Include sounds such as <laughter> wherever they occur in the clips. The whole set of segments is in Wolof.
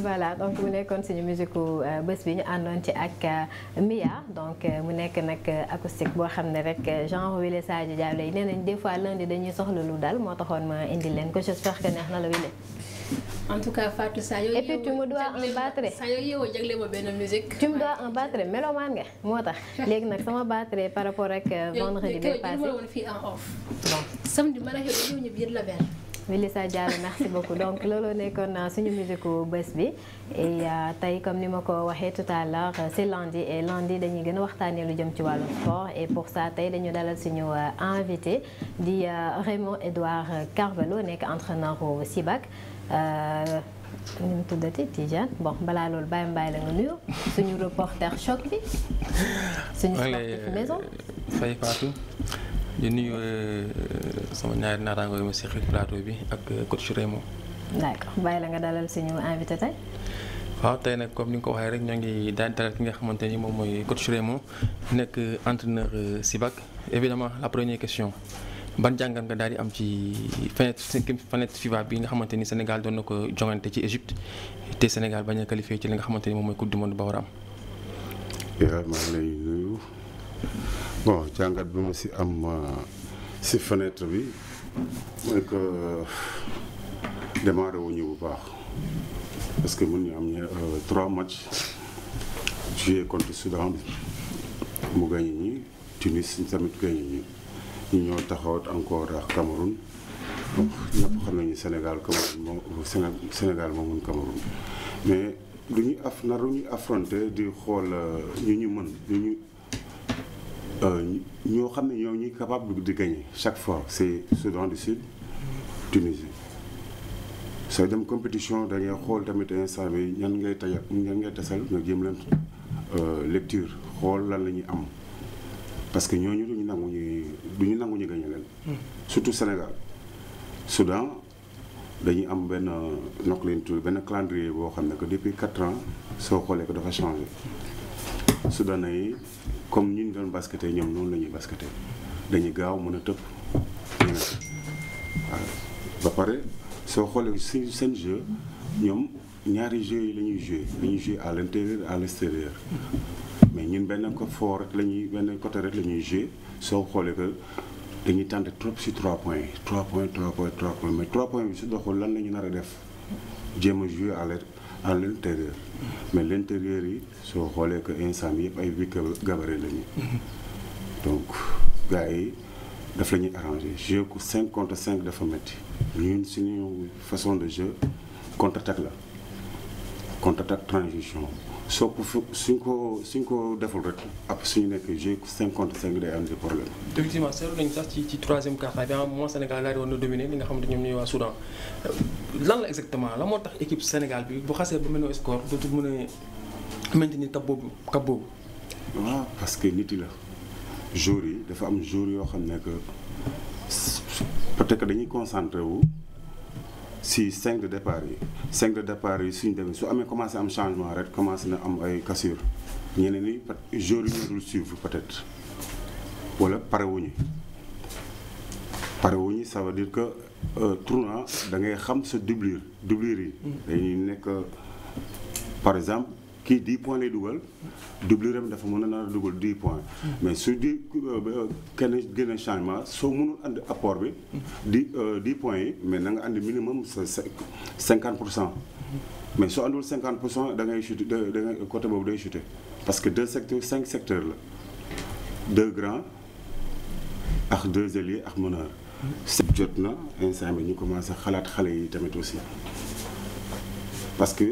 voilà donc mu nekkoon suñu musique euh, bés bi ñu àndoon ci ak euh, Mia donc euh, mu nekk nag acoustique boo xam ne rek genre Wele Sadio Diallo yi nee nañ des fois lundi dañuy soxla lu dal moo taxoon ma indi leen ko j'espère que neex na la Wele. en tout cas Fatou saa yoo. et puis tu me dois un batterie saa yoo yeewoo jagle ma nga moo tax léegi nag sama batterie par rapport ak vendredi bi passé yow tey ma woon fii en off. bon la benn. Milissa Diallo merci beaucoup donc looloo nekkoon euh, suñu musique bés bi euh, tey comme ni ma ko waxee tout à landi euh, et lundi dañuy gën a waxtaanee lu jëm ci wàllu sport et pour ça tey dañu dalal suñu invité di Raymond Edouard Carvalho nekk entraîneur au SIBAC ni mu tuddati Tidiane bon balaa loolu bàyyi mbaay la nga nuyu suñu reporter choc bi. suñu sportif maison fay Fatou di nuyu euh, sama ñaari naataangoo yu ma seqal plateau bi ak euh, coach Raymond. d'accord bàyyi la nga dalal suñu invité tey. waaw tey nag comme ni nga ko waxee rek ñoo ngi daan dalal ki nga xamante ni moom mooy coach Raymond nekk euh, entraîneur Sibac évidemment la première question ba jàngat nga daal di am ci fenêtre fenêtre FIFA bi nga xamante ni Sénégal doon na ko joŋante ci Égypte te Sénégal bañ a qualifié ci li nga xamante ni moom mooy coupe du ba war a am. bon jàngat bi ma si am si euh, fenêtre bi mooy que euh, démarré wuñu bu baax parce que mën am ñu euh, trois matchs joué contre Soudan mu gagné ñi Tunis tamit gagné ñi ñu ñoo taxawat encore ak Cameroun donc xam nañu Sénégal Cameroun moom Sénégal moo mun Cameroun mais lu ñu af di xool ñu ñu mën ñu ñu Euh, ñoo xam ne ñoo ñuy capable di gagner chaque fois c'est Soudan du Sud Tunisie sooy dem compétition da ngay xool tamit instant bi ñan ngay taja ñan ngay tasal nga jéem leen euh, lecture xool lan la ñuy am parce que ñooñu duñu nangu ñu duñu nangu ñu gagner leen hmm. surtout Sénégal Soudan dañuy am benn euh, nok leen tur benn calendrier boo xam ne que depuis quatre ans soo xoolee ko dafa changé Soudanais yi comme ñi ñu doon basketé ñoom noonu la ñuy basketé dañuy gaaw mën a tëb waaw ba pare soo xoolee si seen jeu ñoom ñaari jeu yi la ñuy joué dañuy joué à l' intérieur à l' mais ñun benn ko foo rek la ñuy benn côté rek la ñuy joué soo xoolee que dañuy tenté trop si 3 points yi 3 points 3 points 3 points mais 3 points bi su doxul lan la ñu nar a def jéem a joué à l' à l' mais l'intérieur yi soo xoolee que instant yëpp ay huit gabarit la ñu donc gars yi dafa la ñuy arrangé jeu ku cinq contre cinq dafa métti ñun suñu façon de jeu contre attaque la contre attaque transition soo ko suñ ko suñ ko deful rek après suñu nekk jeu 55 day am des problèmes. effectivement seetlu nañu sax ci ci troisième quart-temps bi ah moment Sénégal daal na dominer li ñoom ñooy waa euh, lan la exactement la moo tax équipe Sénégal bi bu xasee ba mel ni score dootul mën a maintenir te boobu kab boobu. waaw parce que nit yi la jour yi dafa am jour yoo xam ne que que dañuy concentré wu. si cinq de départ yi cinq de départ yi suñ demee su amee commencé am changement rek commencé na am ay cassure ñeneen ñi jour yi ñu dul suivre peut-être wala parewuñu parewuñu ñu veut dire que euh, tournant da ngay xam sa doublure doublure yi mm. dañuy nekk par exemple kii 10 points lay dugal doublure am dafa mën a naa dugal 10 points mais su di euh, kenn génne changement soo mënul ànd apport bi di 10 euh, points yi mais na nga ànd minimum sa 50 pour cent mais soo àndul 50 pour da ngay chuter da ngay côté boobu day chuter parce que deux secteurs cinq secteurs la deux grands ak deux ailiers ak meneur jot na instant bi ñu commencé xalaat xale yi tamit aussi parce que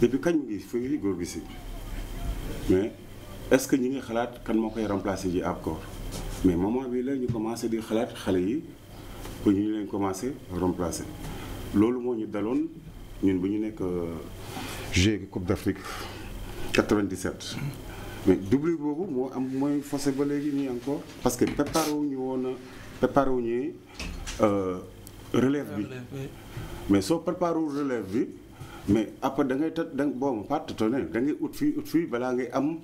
depuis kañ ngi fi góor gi si mais est ce que ñi ngi xalaat kan moo koy remplacer ji APCOR mais moment bii la ñu commencé di xalaat xale yi pour ñu leen commencé remplacer loolu moo ñu daloon ñun bu ñu nekk Jeux Coupe d'Afrique 97 mais dubli boobu moo am mooy fossé ba léegi nii encore parce que préparé wu ñu woon a préparé wu ñu euh, relève bi mais soo préparé relève bi mais après da ngay tët da boo ma tâtonner da ngay ut fii ut fii balaa ngay am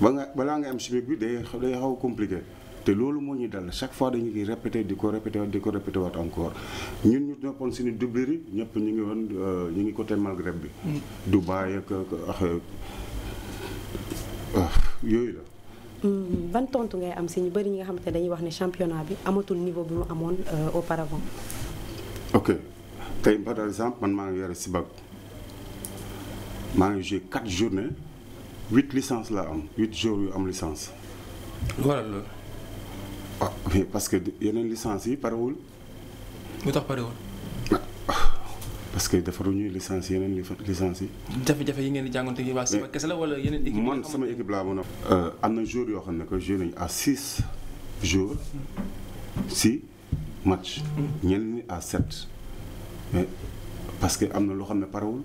ba nga balaa ngay am chimique bi day xaw a compliqué te loolu moo ñu dal chaque fois dañu koy répété di ko répété waat di ko répété waat encore ñun ñu noppoon suñu doublure yi ñëpp ñu ngi woon euh, ñu ngi côté Maghreb bi. Mm. Dubaï ak ak euh, yooyu la. Mm, ban tontu ngay am si ñu bëri ñi nga xamante ne dañuy wax ni championnat bi amatul niveau bi mu amoon euh, auparavant. ok. tey par exemple man maa ngi yore Sibac maa ngi joué quatre journées huit licences laa am huit jours yu am licence. voilà loolu. ah mais parce que yeneen licences yi parewul. lu tax parewul. Ah, parce que defaruñuy licence yeneen licence yi. jafe-jafe yi ngeen di jàngoonte yi waa Sibac kese la wala yeneen équipe man sama équipe laa mën a. Euh, am na jour yoo xam ne que joué nañu à six jours si match. Hmm. ñenn ñi à sept. parce que am na loo xam ne parewul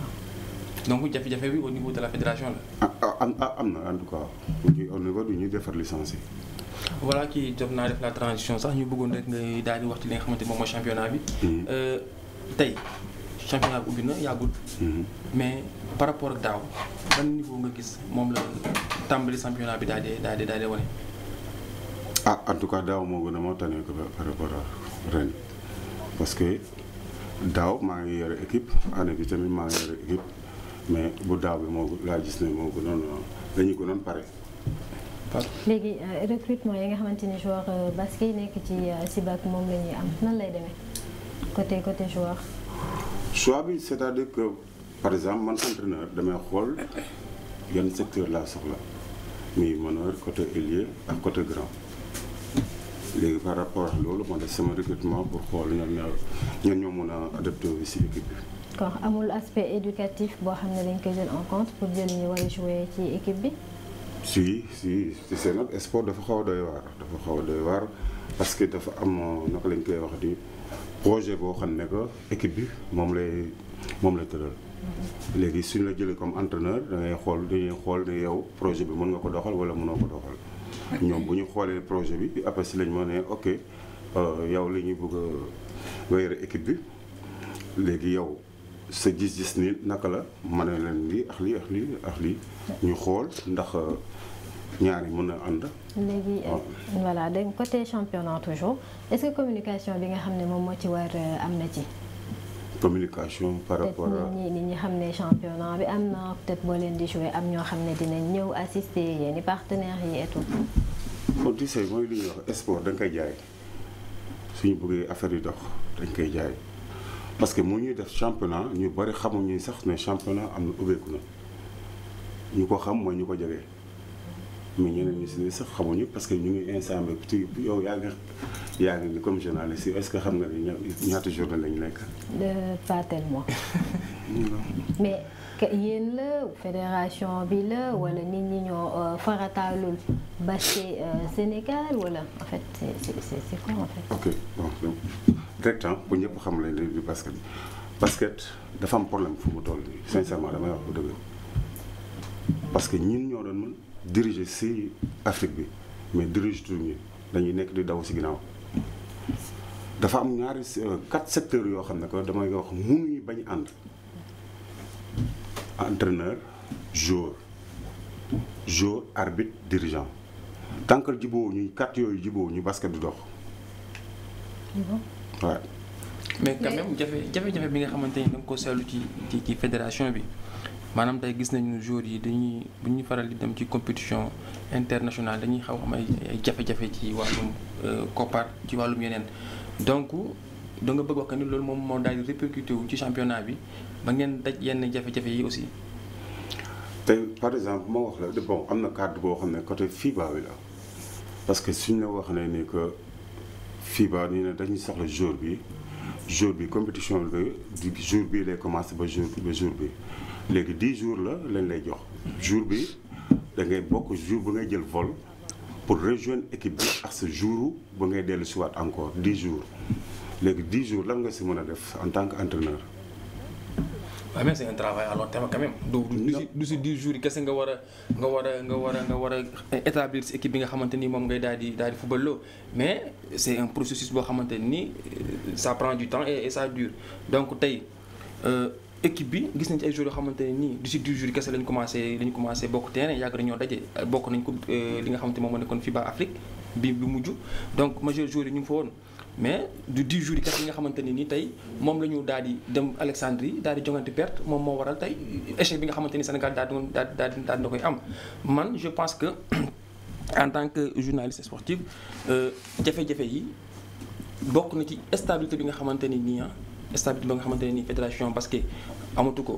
ah. donc jafe-jafe bi au niveau de la fédération la. Ah, ah am ah, am na en tout cas au niveau du ñuy defar licence yi. voilà kii jot naa def la transition sax ñu bëggoon rek ngay daal di wax ci li nga xamante moom mooy championnat bi. Mm-hmm. Euh, tey championnat bi ubbi na yàggul. Mm-hmm. mais par rapport ak daaw ban niveau nga gis moom la tàmbali championnat bi daal di daal di wane. ah en tout cas daaw moo gën a moo tane ko par rapport ak ren. parce que daaw maa ngi yore équipe année bi tamit maa ngi yore équipe mais bu daaw bi moo laa gis ne moo gënoon dañu gënoon pare. léegi euh, recrutement yi nga xamante ni joueur euh, basket yi nekk ci euh, SIBAC moom la am nan lay demee côté côté joueur. choix bi c'est-à-dire que par exemple man entraîneur damay xool yan secteur laa soxla muy meneur côté ailier ak côté grand. léegi par rapport loolu ma sama recrutement pour xool ñoom ñoo ñoom ñoo mën a adopté si équipe bi. d'accord amul aspect éducatif boo xam ne dañ koy jël en compte pour jël ñu war a ci équipe bi. si si si seen nag sport dafa xaw a doy waar dafa xaw a doy waar parce que dafa am naka lañ koy wax di projet boo xam ne que équipe bi moom lay moom lay tëral. Mm-hmm. léegi suñ la jëlee comme entraîneur da xool dañuy xool ne yow projet bi mën nga ko doxal wala mënoo ko doxal. ñoom bu ñu xoolee projet bi après si lañ ma ne ok euh, yow li ñu bëgg a équipe bi léegi yow sa gis-gis ni naka la ma ne leen lii ak li ak lii ak ñu xool ndax euh, ñaar yi mën a ànd. léegi ah. voilà dégg côté championnat toujours est-ce que communication bi nga xam ne moom moo ci war euh, am na ci. communication par rapport à ñi ñi xam ne championnat bi am na peut-être boo leen di jouer am ñoo xam ne dinañ ñëw assister yéen i partenaires yi et tout. kon tu mooy li ñuy wax sport da koy jaay suñu bëggee affaire yi dox dañ koy jaay parce que mu ñuy def championnat ñu bari xamuñu sax ne championnat am na ubbeeku na ñu ko xam mooy ñu ko jege. mais ñeneen ñi si ne sax xamuñu parce que ñu ngi instant bi yow yaa ngi yaa ngi comme journaliste est que xam na ni ñaata journée lañu nekk. pas tellement. <laughs> mais yéen la fédération bi la wala nit ñi ñoo euh, farataalul bâché euh, Sénégal wala en fait c'est c'est c'est quoi en fait. ok bon donc directement bu ñëpp xam lañ du basket basket dafa am problème fu mu toll nii sincèrement damay wax bu dëgg parce que ñoo doon mën. diriger si Afrique bi mais dirige tuñu dañuy nekk di daw si ginnaaw dafa am ñaari euh, quatre secteurs yoo xam ne que damay wax mënuñu bañ ànd entraîneur joueur joueur arbitre dirigeant tant que jiboo ñuy quatre yooyu jiboo ñu basket du dox waaw mais quand même jafe jafe-jafe bi nga xamante ni da ko seetlu ci ci ci fédération bi maanaam tey gis nañu joueurs yi dañuy bu ñuy faral di dem ci compétition internationale dañuy xaw am ay jafe-jafe ci wàllum euh, koppar ci wàllum yeneen donc da bëgg wax ni loolu moom moo daal di wu ci championnat bi ba ngeen daj yenn jafe-jafe yi aussi. tey par exemple moo wax la bon am na cadre boo xam ne côté FIBA bi la parce que suñ la wax ne ni que FIBA nii ne dañuy soxla jour bi jour bi compétition bi du jour bii lay commencé ba jour ba jour bi. léegi 10 jours la lañ lay jox jour bi da ngay bokk jour bu ngay jël vol pour rejoindre équipe bi ak sa jour ba ngay dellu si waat encore 10 jours léegi 10 jours lan nga si mën a def en tant que entraîneur. waaw mais c'est un travail à du si du si jours yi kese nga war a nga war nga war nga war a établir si équipe bi nga xamante ni moom ngay daal di daal di football loo mais c'est un processus boo xamante ni euh, ça prend du temps et sa dure donc tey. Euh, équipe bi gis nañ ci ay jours yoo xamante ne nii du si dix jours kese lañ commencé lañ commencé bokk terrain yàgg nañoo daje bokk nañ ko euh, li nga xamante moom moo nekkoon FIBA Afrique bi bi mujj donc majeur jours yi ñu ngi fa woon mais du dix jours yi kese nga xamante ne nii tey moom la ñu daal di dem Alexandrie daal di jongante perte moom moo waral tey échec bi nga xamante ni Sénégal daal di daal daal di daal koy am man je pense que <clears throat> en tant que journaliste sportif euh, jafe-jafe yi bokk na ci stabilité bi nga xamante ni nii ah, stabilité ba nga xamante ne nii fédération basket amatu ko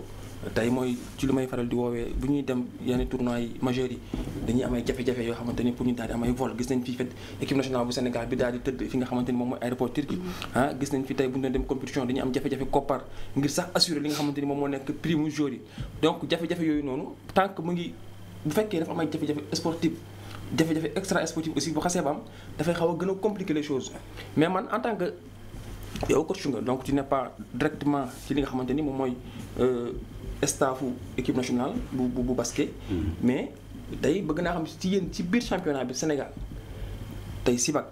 tey mooy ci lu may faral di woowee bu ñuy dem yenn tournois yi majeurs yi dañuy am ay jafe-jafe yoo xamante ni pour ñu daal am ay vol gis nañ fi fait bi daal fi nga xamante ni moom mooy aéroport Turquie mm-hmm. ah gis nañ fi tey jafe-jafe koppar ngir sax assurer li nga xamante ni moom moo nekk prix mu joueur yi donc jafe-jafe yooyu noonu tant mu ngi bu fekkee dafa am jafe-jafe sportif jafe-jafe extra sportif aussi bu xasee ba am dafay xaw a gën a compliquer les choses mais man en tant que yow coach nga donc ci n'es pas directement ci li nga xamante ni moom mooy euh, staffu équipe nationale bu bu bu basket. Mm-hmm. mais tey bëgg naa xam ci yéen ci biir championnat bi Sénégal tey si Sibac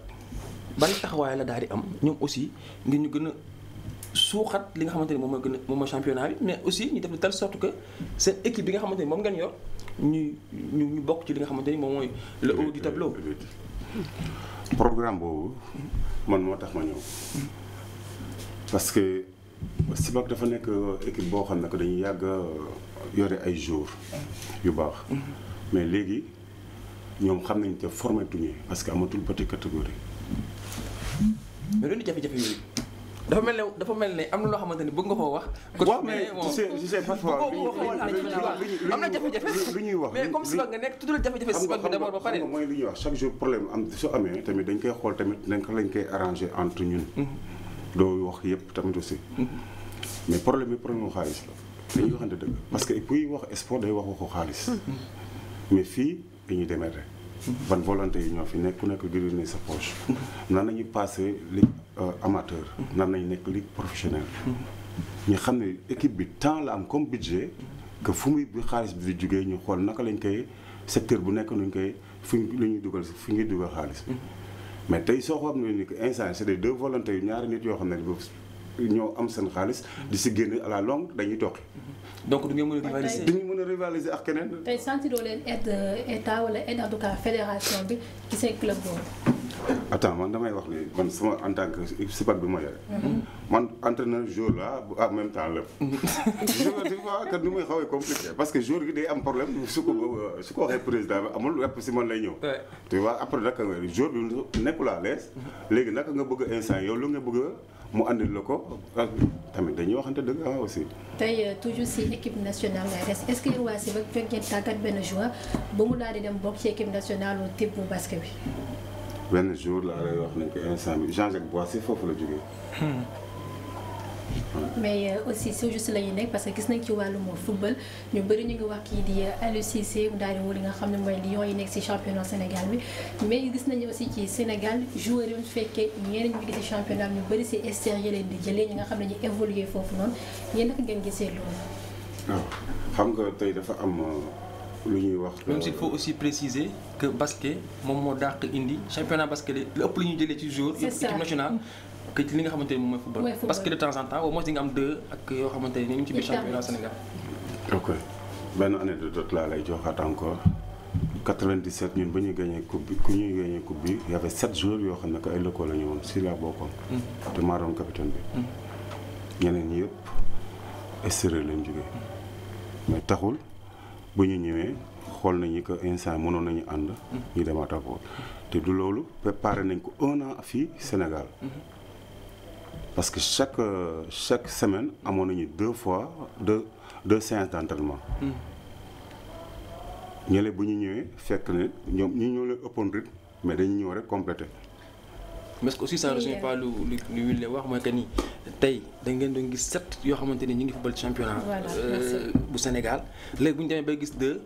ban taxawaay la daal di am ñoom aussi ngir ñu gën a suuxat li nga xamante moom mooy gën moom mooy championnat bi mais aussi ñu def de telle sorte que seen équipe bi nga xamante ni moom ngeen yor ñu ñu ñu bokk ci li nga xamante ni moom mooy le haut du tableau. programme boobu man moo tax ma ñëw. parce que Sibac dafa nekk équipe boo xam ne ko dañuy yàgg yore ay jours yu baax. mais léegi ñoom xam nañ te formé tuñu parce que amatul petite catégorie. mais loolu jafe-jafe yooyu dafa am na loo xamante ni bëgg mais na jafe lu ñuy wax mais comme Sibac nga nekk tudd la jafe-jafe Sibac bi d'abord ba pare. lu ñuy wax chaque jour problème am su amee tamit dañ koy xool tamit naka lañ koy arrangé entre ñun. Mm-hmm. loo wax yëpp tamit aussi. mais problème bi problème mu xaalis la. dañuy ne dëgg parce que buy wax sport day wax waxu xaalis. mais fii dañuy demee ban volonté yi ñoo fi nekk ku nekk gëri ne sa poche. nan nañu passé ligue euh, amateur. nan nañu nekk ligue professionnelle. ñu xam ne équipe bi temps la am comme budget. que fu muy bi xaalis bi di jugee ñu xool naka lañ koy secteur bu nekk nuñ koy fi lu ñuy dugal fi ñuy dugal xaalis mais tey soo xam ne ni que instant c'est des deux volontés yu ñaari nit yoo xam ne ñoo am seen xaalis. di si génn à la longue dañuy toog. donc du ngeen mën a rivaliser du ñu mën a rivaliser ak keneen. tey sentiroo leen aide euh, état wala aide en tout cas fédération bi ci seen club boobu. attends man damay wax ni man sama en tant que sipat bi ma yore. man entraîneur jour la bu en ah, même temps lépp. jour tu que nu muy xawee jour bi day am problème su ko euh, su ko waxee président bi amul lépp si man lay ñëw. tu vois après naka nga jour bi nekkul léegi naka nga bëgg instant yow lu nga bëgg mu andil la ko ah, tamit dañuy waxante dëgg ah aussi. tey euh, toujours si équipe nationale lay des est-ce que si ba fekk tàggat benn joueur ba mu daal di dem bokk ci équipe nationale benn jour laa lay wax ne que instant bi Jean-Jacques Boissy foofu la jógee. Hmm. mais euh, aussi si juste la ñuy nekk parce que gis nañ ci wàllum football ñu bëri ñu ngi wax kii di euh, Aliou Cissé daal di wër nga xam ne mooy Lions yi nekk si championnat Sénégal mais gis nañu aussi ci Sénégal joueurs yi fekkee ñeneen ñu ngi si championnat ñu bëri si extérieur leen di jëlee ñi nga xam ne ñu évolué foofu noonu ngeen gisee loolu. waaw ah, xam nga tey dafa am. Euh, lu ñuy wax. même s'il faut aussi préciser que basket moom moo dàq indi championnat basket la ëpp lu ñu jëlee ci jour. c'est ça li nga xamante ne moom mooy football. parce que de yoo ne ñu ngi ci biir championnat Sénégal. ok benn anecdote laa lay joxaat encore 97 ñun ba ñuy gagné coupe bi y avait 7 yoo xam ne ko ay locaux la ñu woon si laa bokkoon. Hmm. te maa doon capitaine bi. Hmm. ñeneen ñi yëpp estere lañ jógee hmm. mais taxul. bu ñu ñëwee xool nañu que instant mënoon nañu ànd. Mm-hmm. ñu demaat ak te du loolu préparé nañ ko un an fii Sénégal. Mm-hmm. parce que chaque chaque semaine amoon nañu deux fois deux deux séances d'entraînement. Mm-hmm. ñële bu ñu ñëwee fekk ne ñoom ñu ñoo leen ëppoon rythme mais dañu ñëw rek complété. mais est-ce que aussi ça ne rejoint pas lu lu lu Will wax mooy que ni tey da ngeen gis sept yoo xamante ni ñu ngi football ci championnat. Euh, bu Sénégal léegi bu ñu bay gis deux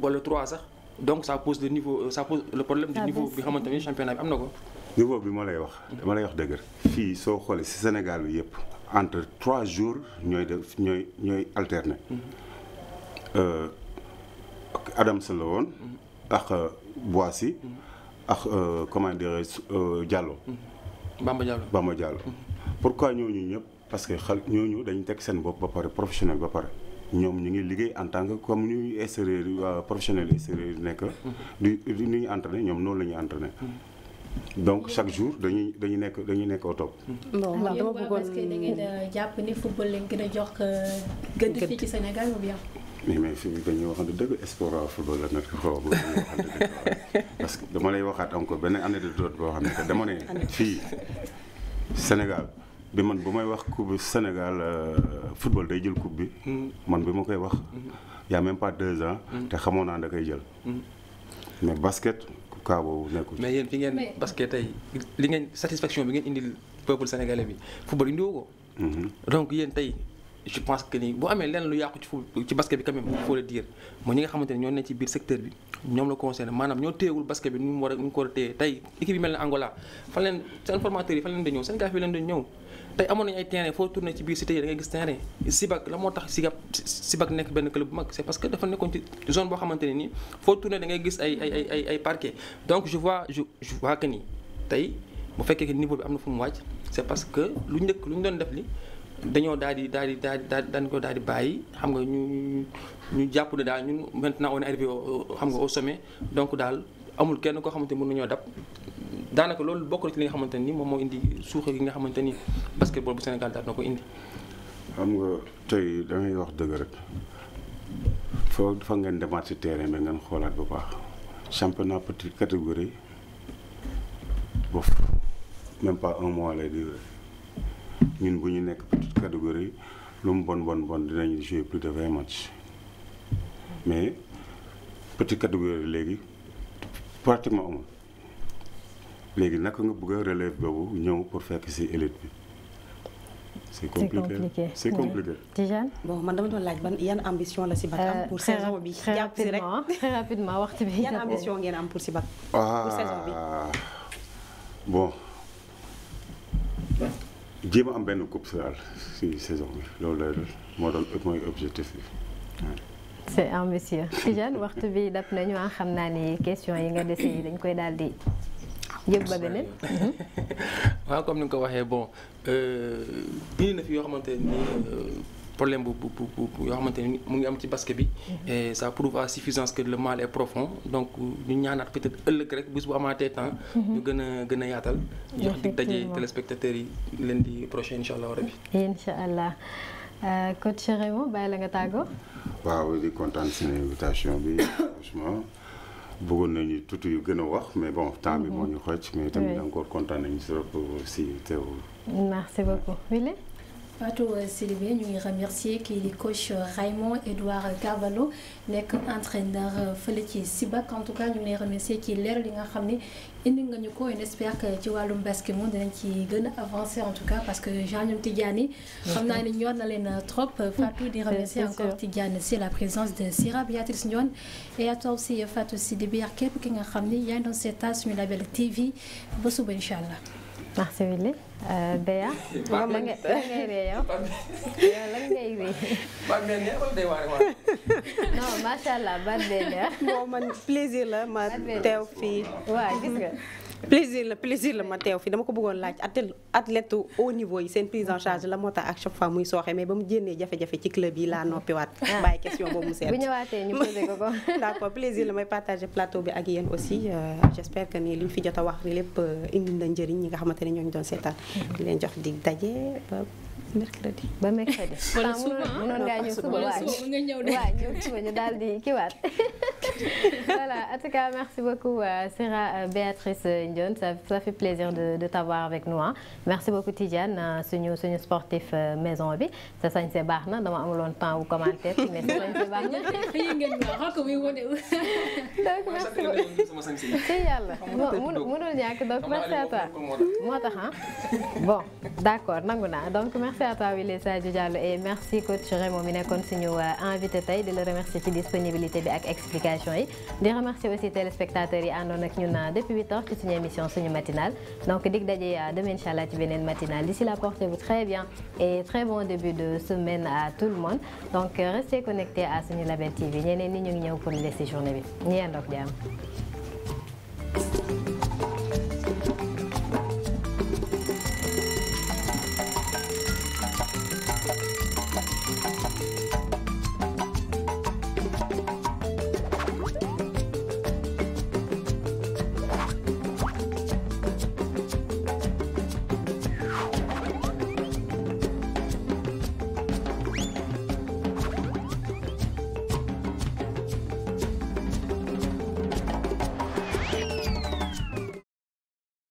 walla trois sax donc ça pose le niveau euh, ça pose le problème du ah, niveau bi xamante ni championnat bi am na ko. niveau bi ma lay wax. dama lay wax dëgg. fii soo xoolee si Sénégal yëpp entre trois jours ñooy def ñooy ñooy alterner. Mhm. Euh, Adams la woon. Mhm. ak Boissy. Mhm. ak euh, comment dirais je euh, Diallo. Mm-hmm. Bamba Diallo Bamba Diallo. Mm-hmm. pourquoi ñooñu ñëpp parce que xal ñooñu dañ teg seen bopp ba pare professionnel ba pare ñoom ñu ngi liggéey en tant que comme ñuy extérieur waa professionnel extérieur yi nekk. du du ñu ñuy entraîné ñoom noonu la ñuy entraîné. Mm-hmm. donc chaque jour dañuy dañuy nekk dañu nekk au top. bon dama parce que da ngeen euh, jàpp ni football lañ gën a jox gëdd fii ci Sénégal ou bien. mais mais ñu dañuy waxante dëgg sport waa football la nag xaw ma waxante dëgg parce que dama lay waxaat encore benn anecdote boo xam ne que dama ne fii Sénégal bi man bu may wax coupe bi Sénégal euh, day jël coupe bi. Mm-hmm. man bi ma koy wax. Mm-hmm. yaa a même pas deux ans. Mm-hmm. te xamoon naa da koy jël. mais basket cas boobu nekkul. mais yéen fi ngeen basket tey li ngeen satisfaction bi ngeen indil peuple sénégalais bi football indiwoo ko. donc yéen tey. je pense que ni boo amee lenn lu yàqu ci ci basket bi quand même il faut le dire mooy ñi nga xamante ne ñoo ne ci biir secteur bi ñoom la concerné maanaam ñoo téyewul basket bi nu mu war a nu mu ko war a téye tey équipe yi mel ne Angola fan leen seen formateurs yi fan leen di ñëw seen gaaf yi leen di ñëw tey amoon nañu ay terrain foo tourné ci biir cité yi da gis terrain Sibak la moo tax Sibak nekk benn club bu mag c'est parce que dafa nekkoon ci zone boo xamante ni tey bu fekkee que niveau am na fu mu wàcc c'est parce que lu njëkk lu doon def li dañoo daal di daal di daal di dañ ko daal di bàyyi xam nga ñu ñu jàpp ne daal ñu maintenant on est arrivé xam nga au sommet donc daal amul kenn koo xamante ni mën nañoo dab daanaka loolu bokk na ci li nga xamante ni moom moo indi suuxa gi nga xamante ni basketball bu Sénégal daal na ko indi. xam nga tey da wax dëgg rek foo fa ngeen demaat si terrain bi ngeen xoolaat bu baax championnat petite catégorie boof même pas un mois lay duré ñun ñu nekk. catégorie lu mu bon bon bon dinañ jouer plus de vingt matchs mais petite catégorie léegi pratiquement amul léegi naka nga bëgg a relève boobu ñëw pour fekk ci élite bi. c' est compliqué c' est compliqué. Tijane bon man dama doon laaj ban yan ambition la Sibac am. Euh, pour saison bi jàpp si rek très rapidement waxtu bi. <laughs> yan ambition ngeen am pour Sibac. pour ah. bon. jéem a am benn coupe daal si saison bi loolu la moo doon mooy objectif bi c'est ambitieux Tijane waxtu bi dab nañu ah xam naa ni question yi nga dese yi dañ koy daal di beneen <laughs> waaw comme ni nga ko waxee bon euh, indi fi yoo xamante problème bu bu bu yoo xamante ni mu ngi am ci basket bi. Mhm. et ça prouve à suffisance que le mal est profond donc ñu ñaanaat peut-être ëllëg rek bés bu amaatee temps. Mhm. ñu gën a gën a yaatal. jox dig daje téléspectateurs yi lundi prochain incha allah rabi. incha allah euh, coach Raymond bàyyi la nga tàggoo. waaw di kontaan si invitation bi franchement bëggoon nañu tuuti yu gën a wax mais bon temps bi mhm. moo ñu xëcc mais tamit encore kontaan nañu si trop si teewul. merci beaucoup Wile. Fatou Sidibé ñu ngi remercier kii di coach Raymond Edouard Carvalho nekk entraîneur fële ci Sibac en tout cas ñu ngi lay remercier ci leer li nga xam ni indi nga ñu ko on espère que ci wàllum basket moom nañ ci gën a avancer en tout cas parce que Jean ñoom Tidiane xam naa ne ñor na leen trop Fatou di remercier encore Tidiane si la présence de Sira Béatrice Ndione et à toi aussi Fatou Sidibé képp ki nga xam ne yaa ngi doon seetaan suñu label TV ba suba incha allah merci Willy Béya. maa ngi lay lan ngay waar waar. non macha allah baat bee neex. la ma teew fii. plaisir la plaisir la ma teew fi dama ko bëggoon laaj athlète au niveau yi seen prise en charge la moo tax ak chaque fois muy sooxe mais ba mu jénnee jafe-jafe ci club yi laa noppiwaat ah. bàyyi question boobu mu seet <laughs> bu ñëwaatee ñu <laughs> ak yéen aussi euh, j'espère que ni li fi jot a wax lépp euh, indi na njëriñ ñi nga xamante ne ñooñu doon seetaan mm-hmm. di leen jox dig daje mercredi ba mercredi. wala suba ah mënoon ngaa ñëw suba waa ñëw suba voilà en tout cas merci beaucoup euh, Sera euh, Béatrice euh, Ndione ça ça fait de de t'avoir avec nous merci beaucoup Tidiane suñu suñu sportif maison bi sa sañse baax na dama amuloon temps wu sa sañse baax na. donc merci beaucoup si yàlla mënul ñàkk donc merci à toi moo tax bon d'accord nangu naa donc merci. Merci à toi Wilessa Diallo et merci coach Raymond mi nekkoon suñu euh, invité tey di la remercier ci disponibilité bi ak explication yi di remercier aussi téléspectateurs yi àndoon ak ñun euh, depuis 8 heures ci suñu émission suñu matinale donc dig daje euh, demain inchallah ci beneen matinal d'ici là portez-vous très bien e très bon début de semaine à tout le monde donc restez connectés à suñu Label TV ñeneen ni ñu ngi ñëw pour laisser journée bi